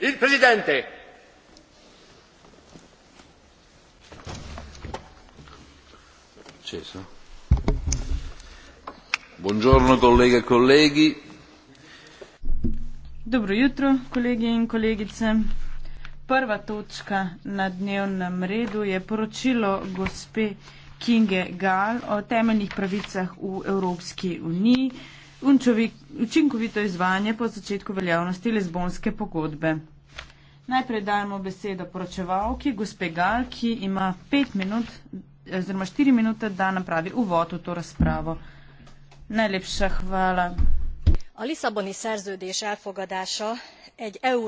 Il Presidente. Acceso. Buongiorno colleghe e colleghi. Dobro jutro, kolegi in kolegice. Prva točka na dnevnem redu je poročilo gospe Kinge Gal o temeljnih pravicah v Evropski uniji učinkovito izvajanje po začetku veljavnosti Lizbonske pogodbe. Najprej dajemo besedo poročevalki, gospe Gal, ki ima pet minut oziroma štiri minute, da napravi uvod v to razpravo. Najlepša hvala. A Lisaboni szerződés elfogadása egy euró.